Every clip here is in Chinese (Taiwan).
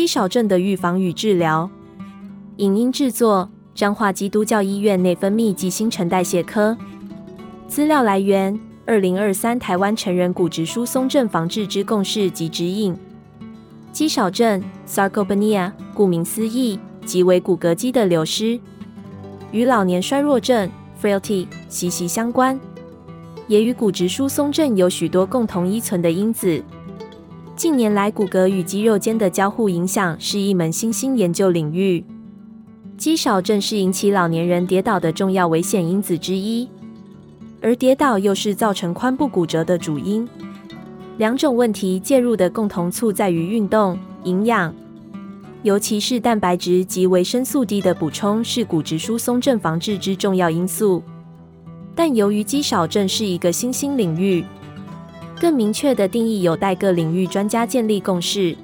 肌少症的預防與治療。影音製作：彰化基督教醫院內分泌暨新陳代謝科。資料來源：二零二三台灣成人骨質疏鬆症防治之共識及指引。肌少症 （Sarcopenia） 顧名思義，即為骨骼肌的流失，與老年衰弱症 （Frailty） 息息相關，也與骨質疏鬆症有許多共同依存的因子。近年來，骨骼與肌肉間的交互影響是一門新興研究領域。肌少症是引起老年人跌倒的重要危險因子之一，而跌倒又是造成髖部骨折的主因。兩種問題介入的共同處在於運動、營養，尤其是蛋白質及維生素 D 的補充是骨質疏鬆症防治之重要因素。但由於肌少症是一個新興領域，更明確的定義有待各領域專家建立共識，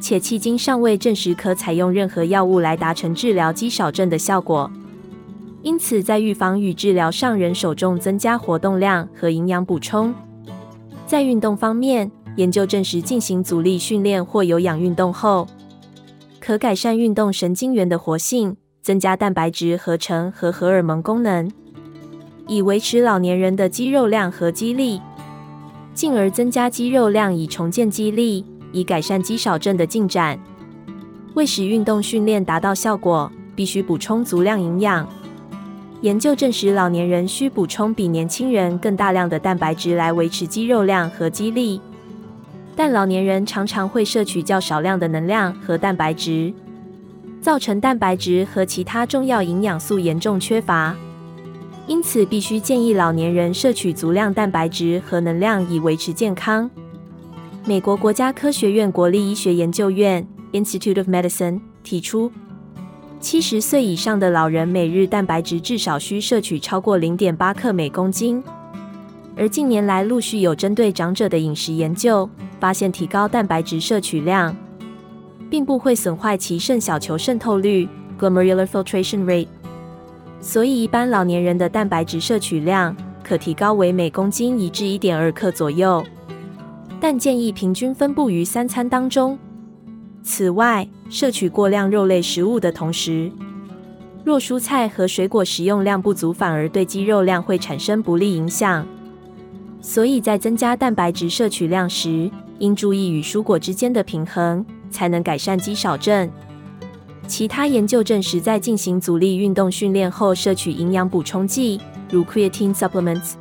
且迄今尚未證實可採用任何藥物來達成治療肌少症的效果。因此，在預防與治療上，人手中增加活動量和營養補充。在運動方面，研究證實進行阻力訓練或有氧運動後，可改善運動神經元的活性，增加蛋白質合成和荷爾蒙功能，以維持老年人的肌肉量和肌力。進而增加肌肉量以重建肌力，以改善肌少症的進展。為使運動訓練達到效果，必須補充足量營養。研究證實，老年人需補充比年輕人更大量的蛋白質來維持肌肉量和肌力。但老年人常常會攝取較少量的能量和蛋白質，造成蛋白質和其他重要營養素嚴重缺乏。因此，必須建議老年人攝取足量蛋白質和能量以維持健康。美國國家科學院國立醫學研究院 （Institute of Medicine） 提出，七十歲以上的老人每日蛋白質至少需攝取超過零點八克每公斤。而近年來陸續有針對長者的飲食研究，發現提高蛋白質攝取量並不會損壞其腎小球滲透率 （Glomerular Filtration Rate）。所以，一般老年人的蛋白質攝取量可提高為每公斤一至一點二克左右，但建議平均分布於三餐當中。此外，攝取過量肉類食物的同時，若蔬菜和水果食用量不足，反而對肌肉量會產生不利影響。所以在增加蛋白質攝取量時，應注意與蔬果之間的平衡，才能改善肌少症。其他研究證實，在進行阻力運動訓練後，攝取營養補充劑，如 creatine supplements，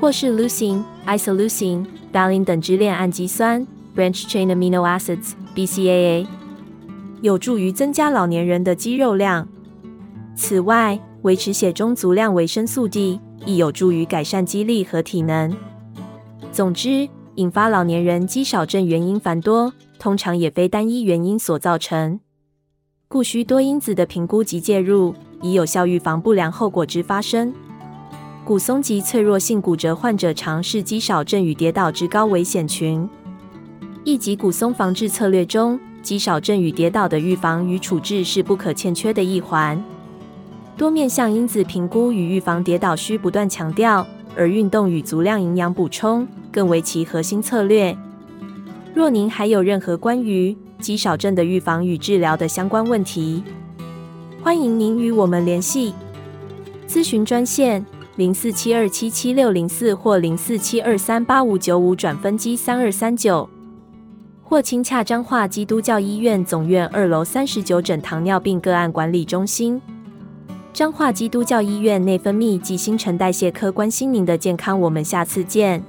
或是 leucine、isoleucine、valine 等支鏈氨基酸 （branch chain amino acids, BCAA），有助於增加老年人的肌肉量。此外，維持血中足量維生素 D，亦有助於改善肌力和體能。總之，引發老年人肌少症原因繁多，通常也非單一原因所造成。故需多因子的評估及介入，以有效預防不良後果之發生。骨鬆及脆弱性骨折患者常是肌少症與跌倒之高危險群。一級骨鬆防治策略中，肌少症與跌倒的預防與處置是不可欠缺的一環。多面向因子評估與預防跌倒需不斷強調，而運動與足量營養補充更為其核心策略。若您還有任何關於，肌少症的預防與治療的相關問題，歡迎您與我們聯繫。諮詢專線：零四七二七七六零四或零四七二三八五九五轉分機三二三九，或親洽彰化基督教醫院總院二樓三十九診糖尿病，病個案管理中心。彰化基督教醫院內分泌暨新陳代謝科關心您的健康，我們下次見。